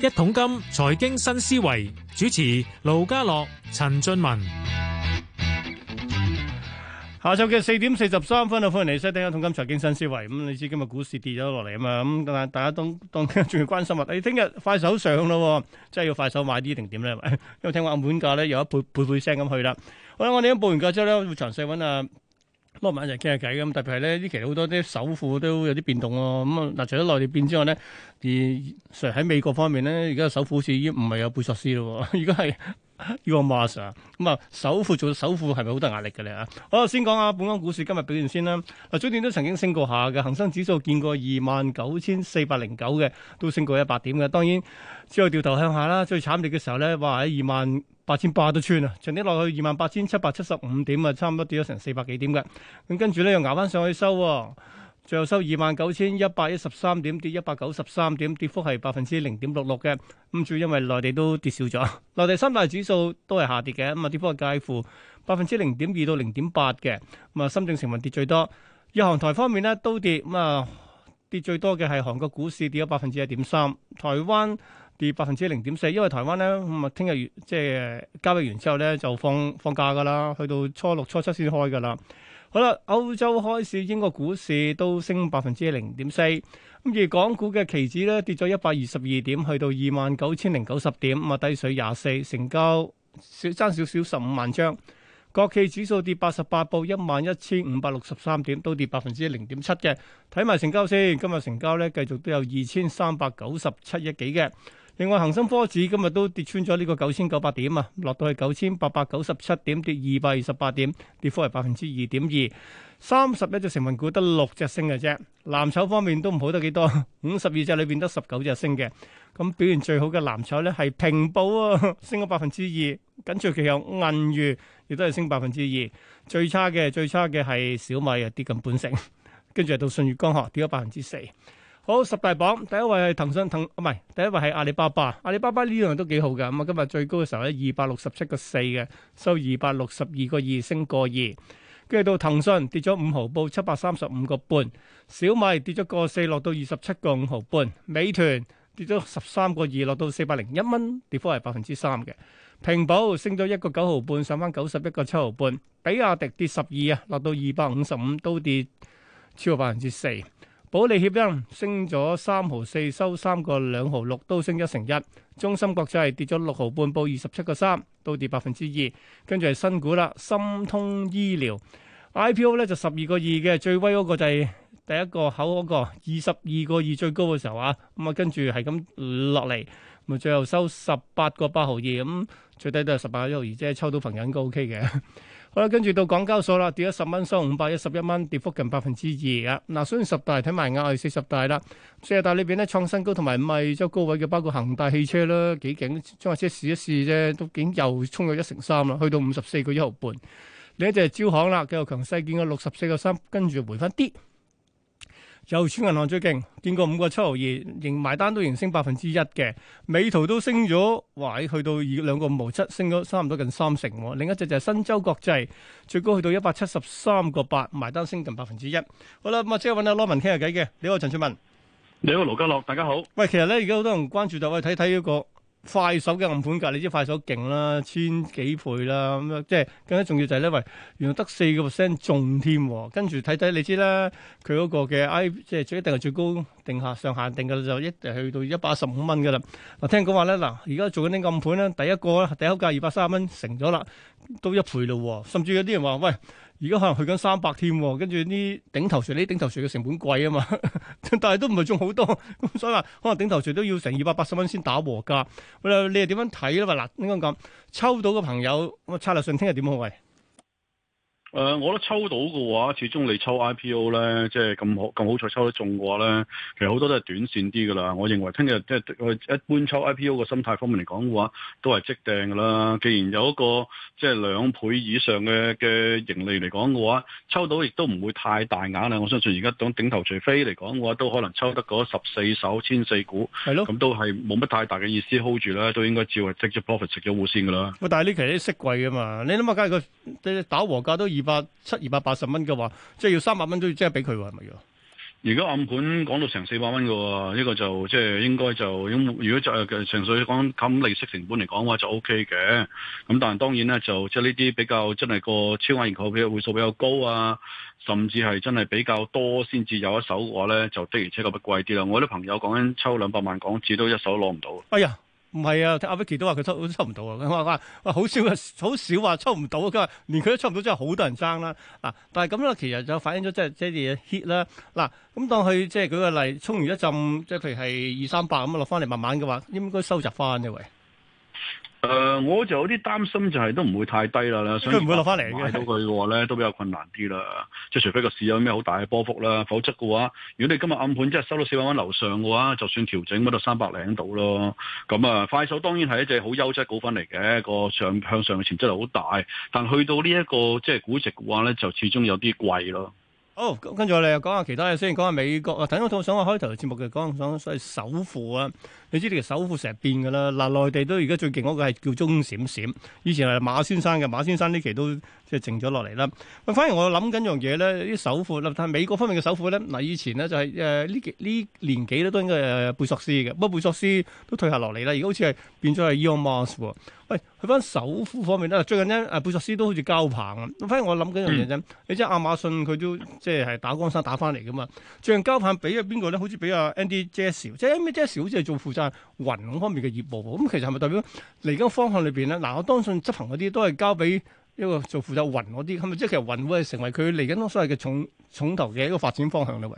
一桶金財經新思維主持盧家樂、陳俊文，下晝嘅四點四十三分啊！歡迎嚟收聽一桶金財經新思維。咁你知今日股市跌咗落嚟啊嘛？咁但大家當當仲要關心物，誒、哎，聽日快手上咯，即係要快手買啲定點咧？因為聽講暗盤價咧，有一倍倍倍聲咁去啦。好啦，我哋一報完價之後咧，會詳細搵啊。撈埋一齊傾下偈咁，特別係咧呢期好多啲首富都有啲變動喎。咁啊，嗱除咗內地變之外咧，其實喺美國方面咧，而家首富好似已經唔係有貝索斯咯，而家係 Yomasa。咁啊，首富做首富係咪好大壓力嘅咧？啊， 好啊，先講下本港股市今日表現先啦。嗱，早段都曾經升過下嘅，恒生指數見過二萬九千四百零九嘅，都升過一百點嘅。當然之後掉頭向下啦，最慘烈嘅時候咧，話喺二萬。八千八都穿啊！前啲落去二萬八千七百七十五點啊，差唔多跌咗成四百幾點嘅。咁跟住咧又捱翻上去收，最後收二萬九千一百一十三點，跌一百九十三點，跌幅係百分之零點六六嘅。咁主要因為內地都跌少咗，內地三大指數都係下跌嘅，咁啊跌幅係介乎百分之零點二到零點八嘅。咁啊，深圳成分跌最多。日韓台方面咧都跌，咁啊跌最多嘅係韓國股市跌咗百分之一點三，台灣，跌百分之零點四，因為台灣咧咁啊，聽日即係交易完之後咧就放放假噶啦，去到初六初七先開噶啦。好啦，歐洲開市，英國股市都升百分之零點四。咁而港股嘅期指咧跌咗一百二十二點，去到二萬九千零九十點，啊低水廿四，成交爭少少十五萬張。國企指數跌八十八點，報一萬一千五百六十三點，都跌百分之零點七嘅。睇埋成交先，今日成交咧繼續都有二千三百九十七億幾嘅。另外，恒生科指今日都跌穿咗呢個九千九百點啊，落到去九千八百九十七點，跌二百二十八點，跌幅係百分之二點二。三十一隻成分股得六隻升嘅啫。藍籌方面都唔好得幾多，五十二隻裏邊得十九隻升嘅。咁表現最好嘅藍籌咧係平保啊，升咗百分之二。緊隨其後銀娛亦都係升百分之二。最差嘅最差嘅係小米啊，跌近半成。跟住係到舜宇光學跌咗百分之四。好，十大榜，第一位係騰訊騰，唔係第一位係阿里巴巴。阿里巴巴呢樣都幾好嘅，咁啊今日最高嘅時候咧二百六十七個四嘅，收二百六十二個二，升過二。跟住到騰訊跌咗五毫，報七百三十五個半。小米跌咗個四，落到二十七個五毫半。美團跌咗十三個二，落到四百零一蚊，跌幅係百分之三嘅。平保升咗一個九毫半，上返九十一個七毫半。比亞迪跌十二啊，落到二百五十五，都跌超過百分之四。保利協鑫升咗三毫四，收三個兩毫六，都升一成一。中心國際係跌咗六毫半，報二十七個三，都跌百分之二。跟住係新股啦，心通醫療 IPO 咧就十二個二嘅，最威嗰個就係第一個口嗰個，二十二個二最高嘅時候啊，咁啊跟住係咁落嚟，咪最後收十八個八毫二，咁最低都係十八個一毫二，即係抽到朋友都 OK 嘅。好啦，跟住到港交所啦，跌咗十蚊，收五百一十一蚊，跌幅近百分之二啊！嗱，雖然十大睇埋亞係四十大啦，四十大裏邊咧創新高同埋五二週高位嘅，包括恒大汽車啦，幾勁，將隻車試一試啫，都竟又衝咗一成三啦，去到五十四個一毫半。另一隻招行啦，繼續強勢，見個六十四個三，跟住回翻啲。郵儲銀行最勁，見過五個七毫二，仍埋單都仍升百分之一嘅。美圖都升咗，哇！去到二兩個五毫七，升咗差唔多近三成，哦。另一隻就係新洲國際，最高去到一百七十三個八，埋單升近百分之一。好啦，咁啊，即刻揾阿羅文傾下偈嘅。你好，陳俊文。你好，羅家樂，大家好。喂，其實咧，而家好多人關注就係可以睇睇呢個。快手嘅暗盤價，你知快手勁啦，千幾倍啦咁樣，即係更加重要就係咧，喂，原來得四個 percent 中添，跟住睇睇，你知啦，佢嗰個嘅 I，即係一定係最高定下上限定嘅就一定去到一百一十五蚊嘅啦。嗱，聽講話咧，嗱，而家做緊啲暗盤咧，第一個啦，第一口價二百三十蚊成咗啦，都一倍咯，甚至有啲人話喂。而家可能去緊三百添，跟住啲頂頭槌，啲頂頭槌嘅成本貴啊嘛，但係都唔係種好多，咁所以話可能頂頭槌都要成二百八十蚊先打和價。喂，你又點樣睇咧？話嗱，應該咁抽到嘅朋友，我策略上聽日點好喂。誒、uh,，我覺得抽到嘅話，始終你抽 IPO 咧，即係咁好咁好彩抽得中嘅話咧，其實好多都係短線啲噶啦。我認為聽日即係一般抽 IPO 嘅心態方面嚟講嘅話，都係即訂噶啦。既然有一個即係兩倍以上嘅嘅盈利嚟講嘅話，抽到亦都唔會太大額啦。我相信而家當頂頭除飛嚟講嘅話，都可能抽得嗰十四手千四股，係咯，咁都係冇乜太大嘅意思，hold 住啦，都應該照係 take the profit 食咗糊先噶啦。喂，但係呢期啲息貴啊嘛，你諗下，梗係個打和價都二八七二百八十蚊嘅話，即係要三百蚊都要即係俾佢喎，係咪啊？而家暗盤講到成四百蚊嘅，呢個就即係應該就如果就純粹講咁利息成本嚟講嘅話就 O K 嘅，咁但係當然咧就即係呢啲比較真係個超額認購嘅會數比較高啊，甚至係真係比較多先至有一手嘅話咧，就的而且確不貴啲啦。我啲朋友講緊抽兩百萬港紙都一手攞唔到。哎呀！唔係啊，阿 Vicky 都話佢抽都抽唔到啊。佢話話話好少嘅，好少話抽唔到。啊。」佢話連佢都抽唔到，真係好多人爭啦嗱、啊。但係咁咧，其實就反映咗即係即係啲 hit 啦嗱。咁、啊啊、當佢即係舉個例，衝完一浸即係譬如係二三百咁落翻嚟，慢慢嘅話應該收集翻嘅、啊、喂。誒、 呃，我就有啲擔心，就係都唔會太低啦，所以買到佢嘅話咧， 都比較困難啲啦。即係除非個市有咩好大嘅波幅啦，否則嘅話，如果你今日暗盤真係收到四百蚊樓上嘅話，就算調整乜到三百零度咯。咁啊，快手當然係一隻好優質股份嚟嘅，個上向上嘅潛質係好大，但去到、這個、呢一個即係估值嘅話咧，就始終有啲貴咯。好、oh，跟住我哋又講下其他嘢先，講下美國。啊，等我討想我開頭嘅節目嘅講所謂首富啊，你知啲首富成日變嘅啦。嗱，內地都而家最勁嗰個係叫中閃閃，以前係馬先生嘅，馬先生呢期都。即係靜咗落嚟啦。喂，反而我諗緊樣嘢咧，啲首富啦，但係美國方面嘅首富咧，嗱，以前咧就係誒呢呢年幾咧都應該係貝索斯嘅。不過貝索斯都退下落嚟啦，而家好似係變咗係 Elon Musk 喎、哎。喂，去翻首富方面咧，最近咧阿貝索斯都好似交棒咁。咁反而我諗緊樣嘢啫，你知係亞馬遜佢都即係係打江山打翻嚟嘅嘛。最近交棒俾咗邊個咧？好似俾阿 Andy Jassy，即係 Andy Jassy 好似係做負責雲嗰方面嘅業務喎。咁其實係咪代表嚟緊方向裏邊咧？嗱，我相信執行嗰啲都係交俾。一個做負責雲嗰啲，係咪即係其實雲會成為佢嚟緊所謂嘅重重頭嘅一個發展方向嘞喂。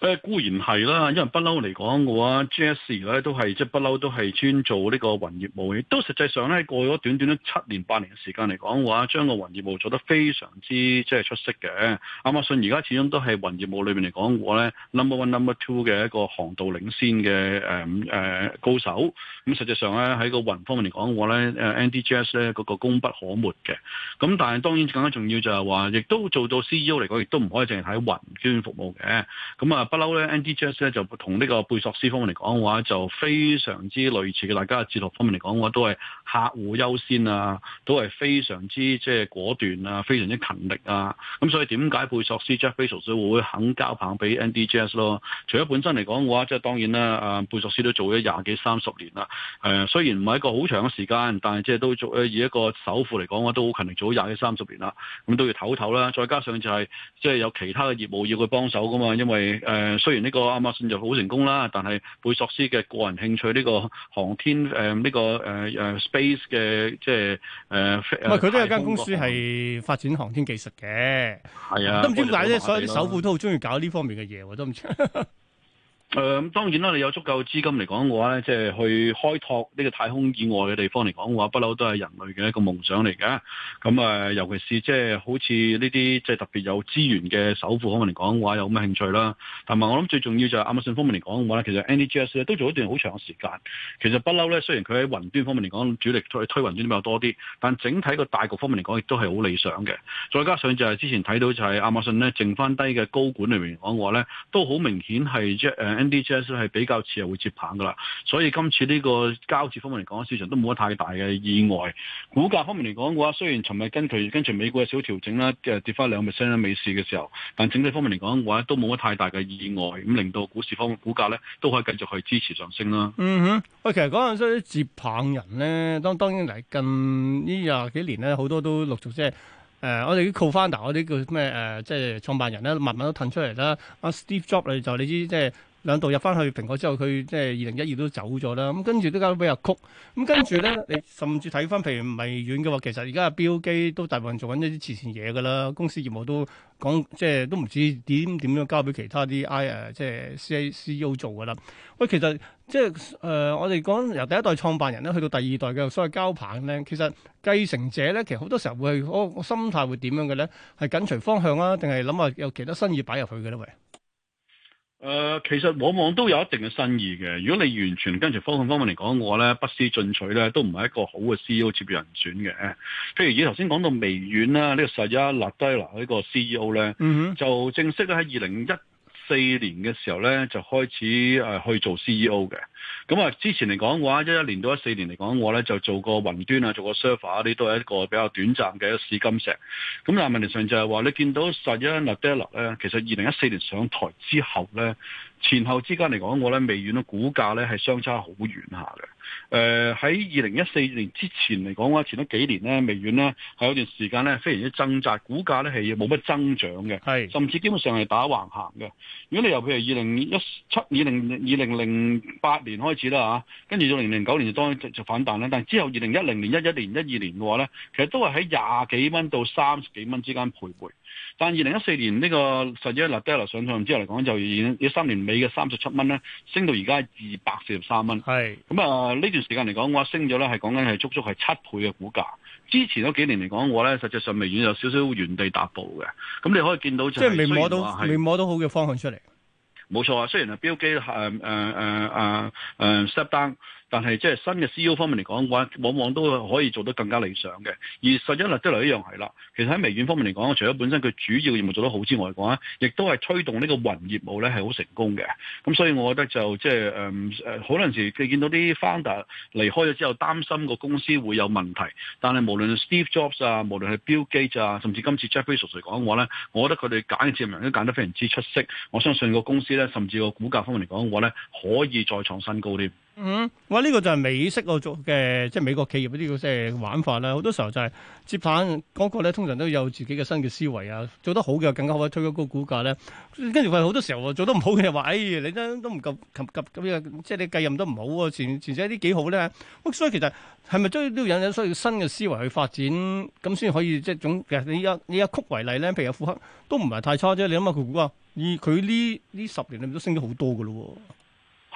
誒、呃、固然係啦，因為不嬲嚟講嘅話，G S I 咧都係即係不嬲都係專做呢個雲業務，亦都實際上咧過咗短短一七年八年嘅時間嚟講嘅話，將個雲業務做得非常之即係出色嘅。亞馬遜而家始終都係雲業務裏面嚟講嘅話，我咧 number one number two 嘅一個航道領先嘅誒誒高手。咁實際上咧喺個雲方面嚟講嘅話咧，誒、呃、N D G S 咧嗰個功不可沒嘅。咁但係當然更加重要就係話，亦都做到 C E O 嚟講，亦都唔可以淨係睇雲專服務嘅。咁、嗯、啊～不嬲咧，NDJS 咧就同呢個貝索斯方面嚟講嘅話，就非常之類似嘅。大家嘅指導方面嚟講嘅話，都係客戶優先啊，都係非常之即係果斷啊，非常之勤力啊。咁所以點解貝索斯 Jeff Bezos 會肯交棒俾 NDJS 咯？除咗本身嚟講嘅話，即係當然啦。阿貝索斯都做咗廿幾三十年啦。誒、呃，雖然唔係一個好長嘅時間，但係即係都做以一個首富嚟講嘅話，都好勤力做咗廿幾三十年啦。咁都要唞唞啦。再加上就係即係有其他嘅業務要佢幫手噶嘛，因為誒。誒雖然呢個亞馬遜就好成功啦，但係貝索斯嘅個人興趣呢個航天誒呢、呃這個誒誒、呃、Space 嘅即係誒，唔係佢都有間公司係發展航天技術嘅，係啊，都唔知點解咧，所有啲首富都好鍾意搞呢方面嘅嘢喎，都唔知。 誒、嗯，當然啦，你有足夠資金嚟講嘅話咧，即係去開拓呢個太空以外嘅地方嚟講嘅話，不嬲都係人類嘅一個夢想嚟嘅。咁啊，尤其是即係好似呢啲即係特別有資源嘅首富方面嚟講嘅話，有咩興趣啦？同埋我諗最重要就係亞馬遜方面嚟講嘅話咧，其實 NGS 都做了一段好長嘅時間。其實不嬲咧，雖然佢喺雲端方面嚟講主力推推雲端比較多啲，但整體個大局方面嚟講，亦都係好理想嘅。再加上就係之前睇到就係亞馬遜咧，剩翻低嘅高管裏面講嘅話咧，都好明顯係即係 NDS 咧係比較似係會接棒噶啦，所以今次呢個交接方面嚟講，市場都冇乜太大嘅意外。股價方面嚟講嘅話，雖然尋日跟隨跟隨美股嘅小調整啦，誒跌翻兩 percent 咧美市嘅時候，但整體方面嚟講嘅話，都冇乜太大嘅意外，咁令到股市方面，股價咧都可以繼續去支持上升啦。嗯哼，喂，其實嗰陣時接棒人咧，當當然嚟近呢廿幾年咧，好多都陸續即係誒，我哋啲 cofounder 嗰啲叫咩誒、呃，即係創辦人啦，慢慢都騰出嚟啦。阿、啊、Steve Jobs 嚟就你知即係。兩度入翻去蘋果之後，佢即係二零一二都走咗啦。咁跟住都交俾阿曲。咁跟住咧，你甚至睇翻，譬如微軟嘅話其實而家標基都大部分做緊一啲慈善嘢㗎啦。公司業務都講，即係都唔知點點樣交俾其他啲 I 即係 C A C U 做㗎啦。喂，其實即係、呃、我哋講由第一代創辦人咧，去到第二代嘅所謂交棒咧，其實繼承者咧，其實好多時候會係我，我心態會點樣嘅咧？係緊隨方向啊，定係諗下有其他生意擺入去嘅咧？喂？誒、呃，其實往往都有一定嘅新意嘅。如果你完全跟住方向方面嚟講，我咧不思進取咧，都唔係一個好嘅 CEO 接任人選嘅。譬如你頭先講到微軟啦，呢、這個 Satya Nadella 啦呢個 CEO 咧，mm-hmm. 就正式咧喺二零一四年嘅時候咧就開始誒去做 CEO 嘅。咁啊，之前嚟講嘅話，一一年到一四年嚟講，我咧就做過雲端啊，做個 server 嗰啲，都係一個比較短暫嘅一試金石。咁但係問題上就係話，你見到 Satya Nadella 咧，其實二零一四年上台之後咧，前後之間嚟講，我咧微軟嘅股價咧係相差好遠下嘅。誒喺二零一四年之前嚟講嘅話，前嗰幾年咧，微軟咧係有段時間咧非常之掙扎，股價咧係冇乜增長嘅，甚至基本上係打橫行嘅。如果你由譬如二零一七、二零二零零八年開始啦啊，跟住到零零九年就當就反彈啦，但係之後二零一零年、一一年、一二年嘅話咧，其實都係喺廿幾蚊到三十幾蚊之間徘徊。但二零一四年呢、這個十一落跌落上、Ladella、上之後嚟講，就以一三年尾嘅三十七蚊咧，升到而家二百四十三蚊。係咁啊，呢、嗯呃、段時間嚟講，嘅話升咗咧，係講緊係足足係七倍嘅股價。之前嗰幾年嚟講嘅話咧，實際上未然有少少原地踏步嘅。咁你可以見到、就是，即係未摸到，未摸到好嘅方向出嚟。冇錯啊，雖然係標機，誒誒誒誒誒 step down。但係，即係新嘅 CEO 方面嚟講嘅話，往往都可以做得更加理想嘅。而十一律都嚟一樣係啦。其實喺微軟方面嚟講，除咗本身佢主要業務做得好之外，講咧，亦都係推動呢個雲業務咧係好成功嘅。咁所以，我覺得就即係誒誒，好多時佢見到啲 founder 離開咗之後，擔心個公司會有問題。但係無論 Steve Jobs 啊，無論係 Bill Gates 啊，甚至今次 Jeff Bezos 嚟講嘅話咧，我覺得佢哋揀嘅接任人都揀得非常之出色。我相信個公司咧，甚至個股價方面嚟講嘅話咧，可以再創新高添。嗯，哇！呢個就係美式我做嘅，即係美國企業呢個即係玩法啦。好多時候就係接棒嗰個咧，通常都有自己嘅新嘅思維啊。做得好嘅更加可以推高股股價咧。跟住佢好多時候做得唔好嘅話，哎，你真都唔夠及，及咁即係你繼任得唔好啊？前前者啲幾好咧。所以其實係咪都都引引需要新嘅思維去發展，咁先可以即係總。其實你一你一曲為例咧，譬如富黑都唔係太差啫。你諗下佢股啊，以佢呢呢十年裏面都升咗好多噶咯。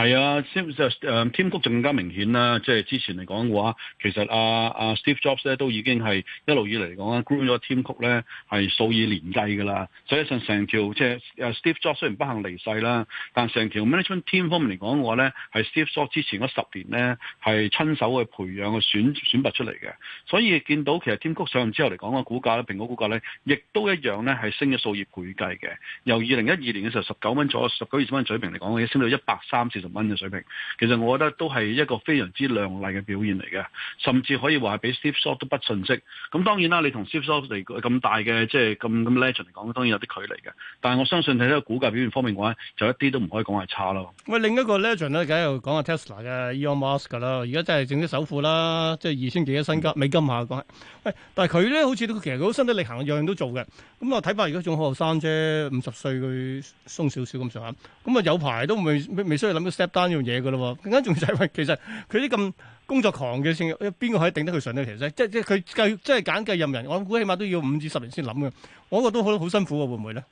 係啊，即 Tim Cook 就更加明顯啦。即係之前嚟講嘅話，其實阿阿 Steve Jobs 咧都已經係一路以嚟講啊。groom 咗 Tim Cook 咧係數以年計㗎啦。所以上成條即係誒 Steve Jobs 雖然不幸離世啦，但成條 management team 方面嚟講嘅話咧，係 Steve Jobs 之前嗰十年咧係親手去培養、去選選拔出嚟嘅。所以見到其實 Tim Cook 上之後嚟講嘅股價咧，蘋果股價咧，亦都一樣咧係升咗數以倍計嘅。由二零一二年嘅時候十九蚊左右，十九二十蚊水平嚟講，已經升到一百三四十蚊嘅水平，其實我覺得都係一個非常之亮麗嘅表現嚟嘅，甚至可以話比 Steve Jobs 都不遜色。咁當然啦，你同 Steve Jobs 嚟咁大嘅即係咁咁 legend 嚟講，當然有啲距離嘅。但係我相信喺呢個股價表現方面嘅話，就一啲都唔可以講係差咯。喂，另一個 legend 咧，梗係講下 Tesla 嘅 Elon Musk 噶啦。而家真係整啲首富啦，即係二千幾億身家、嗯、美金下講。誒，但係佢咧好似都其實佢好身體力行，樣樣都做嘅。咁啊，睇翻而家仲好後生啫，五十歲佢鬆少少咁上下。咁啊，有排都未未需要諗 step down 呢樣嘢嘅咯喎，更加仲就係話，其實佢啲咁工作狂嘅性，邊個可以頂得佢長年累月？即係即係佢計，即係揀繼任人，我估起碼都要五至十年先諗嘅。我覺得都好，好辛苦喎，會唔會咧？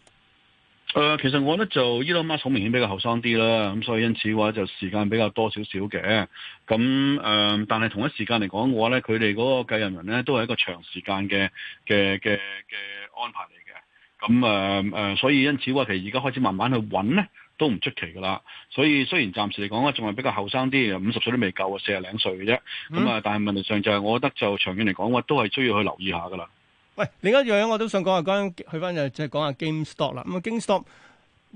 誒、呃，其實我覺得就 Elon Musk 好明顯比較後生啲啦，咁所以因此嘅話就時間比較多少少嘅。咁誒，但係同一時間嚟講嘅話咧，佢哋嗰個繼任人咧都係一個長時間嘅嘅嘅嘅安排嚟嘅。咁誒誒，所以因此嘅話，其實而家開始慢慢去揾咧。都唔出奇噶啦，所以雖然暫時嚟講咧，仲係比較後生啲，五十歲都未夠啊，四廿零歲嘅啫。咁、嗯、啊，但係問題上就係，我覺得就長遠嚟講，我都係需要去留意下噶啦。喂，另一樣我都想講下，講去翻就即係講下 GameStop 啦。咁 GameStop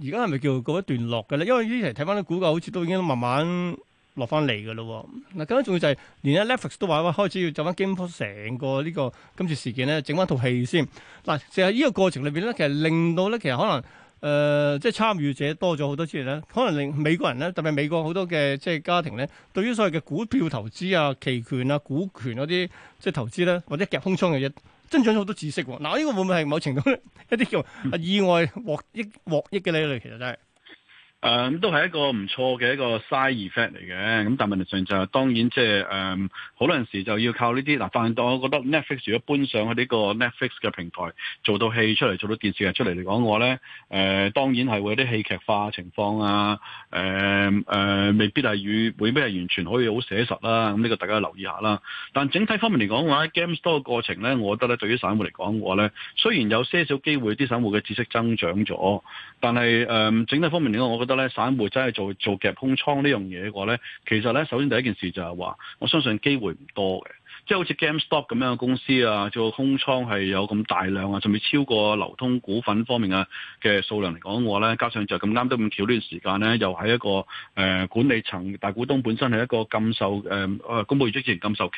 而家係咪叫告一段落嘅咧？因為呢期睇翻啲股價，好似都已經慢慢落翻嚟噶咯。嗱，咁樣重要就係連阿 Netflix 都話開始要就翻 GameStop 成個呢、呢個今次事件咧，整翻套戲先。嗱，就係呢個過程裏邊咧，其實令到咧，其實可能。誒、呃，即係參與者多咗好多資源咧，可能令美國人咧，特別係美國好多嘅即係家庭咧，對於所謂嘅股票投資啊、期權啊、股權嗰啲即係投資咧、啊，或者夾空倉嘅嘢，增長咗好多知識喎、啊。嗱、呃，呢、這個會唔會係某程度一啲叫意外獲益獲益嘅呢類其實都、就係？誒、嗯、都係一個唔錯嘅一個 side effect 嚟嘅，咁但問題上就係、是、當然即係誒好多陣時就要靠呢啲嗱，但發現到我覺得 Netflix 如果搬上去呢個 Netflix 嘅平台，做到戲出嚟，做到電視劇出嚟嚟講，我咧誒當然係會有啲戲劇化情況啊，誒、呃呃、未必係與會咩係完全可以好寫實啦、啊，咁、嗯、呢、這個大家留意下啦。但整體方面嚟講嘅話 Game Store 嘅過程咧，我覺得咧對於散戶嚟講嘅話咧，雖然有些少機會啲散戶嘅知識增長咗，但係誒、呃、整體方面嚟講，我覺得。散戶真係做做夾空倉呢樣嘢嘅話咧，其實咧，首先第一件事就係話，我相信機會唔多嘅。即係好似 GameStop 咁樣嘅公司啊，做空倉係有咁大量啊，仲未超過流通股份方面啊嘅數量嚟講嘅話咧，加上就咁啱得咁巧呢段時間咧，又喺一個誒、呃、管理層大股東本身係一個禁售誒、呃、公佈業績之前禁售期，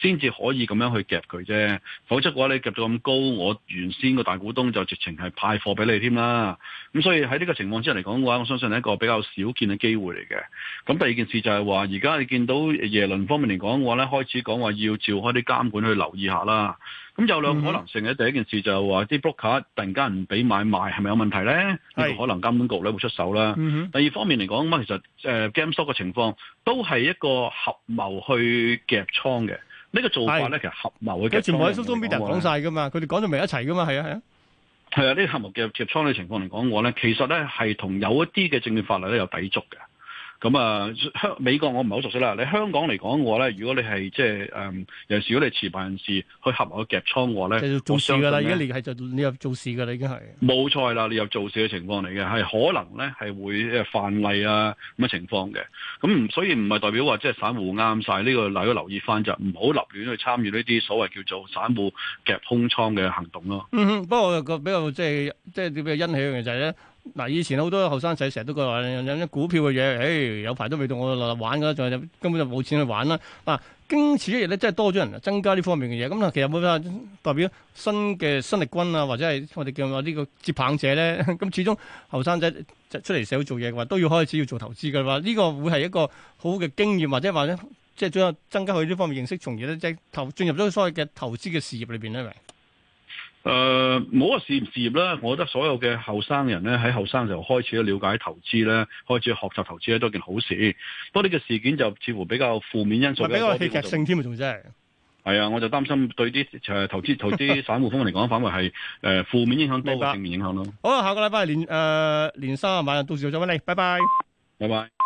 先至可以咁樣去夾佢啫。否則嘅話咧，你夾到咁高，我原先個大股東就直情係派貨俾你添啦。咁所以喺呢個情況之下嚟講嘅話，我相信係一個比較少見嘅機會嚟嘅。咁第二件事就係話，而家你見到耶倫方面嚟講嘅話咧，開始講話要。召開啲監管去留意下啦。咁有兩個可能性咧、嗯，第一件事就係話啲 b o o k 卡突然間唔俾買賣，係咪有問題咧？呢、這個可能監管局呢會出手啦、嗯。第二方面嚟講，咁其實、呃、GameStop 嘅情況都係一個合謀去夾倉嘅。呢、這個做法呢，其實合謀去。咁全部喺 o 蘇 Vita 講曬㗎嘛，佢哋講到咪一齊㗎嘛，係啊係啊。係啊，呢合謀夾倉嘅情況嚟講，我呢其實呢係同有一啲嘅政治法例呢有抵觸嘅。咁、嗯、啊，香美國我唔係好熟悉啦。你香港嚟講嘅話咧，如果你係即係誒，有、嗯、時如果你持牌人士去合埋去夾倉嘅話咧，就做事㗎啦，而家你係就你又做事㗎啦，已經係冇錯啦。你又做事嘅情況嚟嘅，係可能咧係會犯例啊咁嘅情況嘅。咁、嗯、所以唔係代表話即係散戶啱晒呢個，大家留意翻就唔好立亂去參與呢啲所謂叫做散戶夾空倉嘅行動咯、啊。嗯哼、嗯，不過個比較即係即係比較欣喜嘅就係、是、咧。嗱，以前好多後生仔成日都講話，有啲股票嘅嘢，誒有排都未到我落嚟玩噶啦，仲根本就冇錢去玩啦。嗱、啊，經此一日咧，真係多咗人啊增加呢方面嘅嘢。咁、嗯、啊，其實會唔會話代表新嘅新力軍啊，或者係我哋叫話呢個接棒者咧？咁、嗯、始終後生仔出嚟社會做嘢嘅話，都要開始要做投資噶啦，呢、嗯呢個會係一個好嘅經驗，或者話咧，即係將增加佢呢方面嘅認識，從而咧即係投進入咗所謂嘅投資嘅事業裏邊咧。誒、呃，冇話事唔事業啦，我覺得所有嘅後生人咧，喺後生時候開始了解投資咧，開始學習投資咧，都係件好事。不過呢個事件就似乎比較負面因素比較多啲，咪比較戲劇性添仲真係。係啊，我就擔心對啲誒投資投資，投資 散戶方面嚟講圍，反而係誒負面影響多過正面影響咯。好啊，下個禮拜連誒連三啊晚，到時再揾你，拜拜。拜拜。拜拜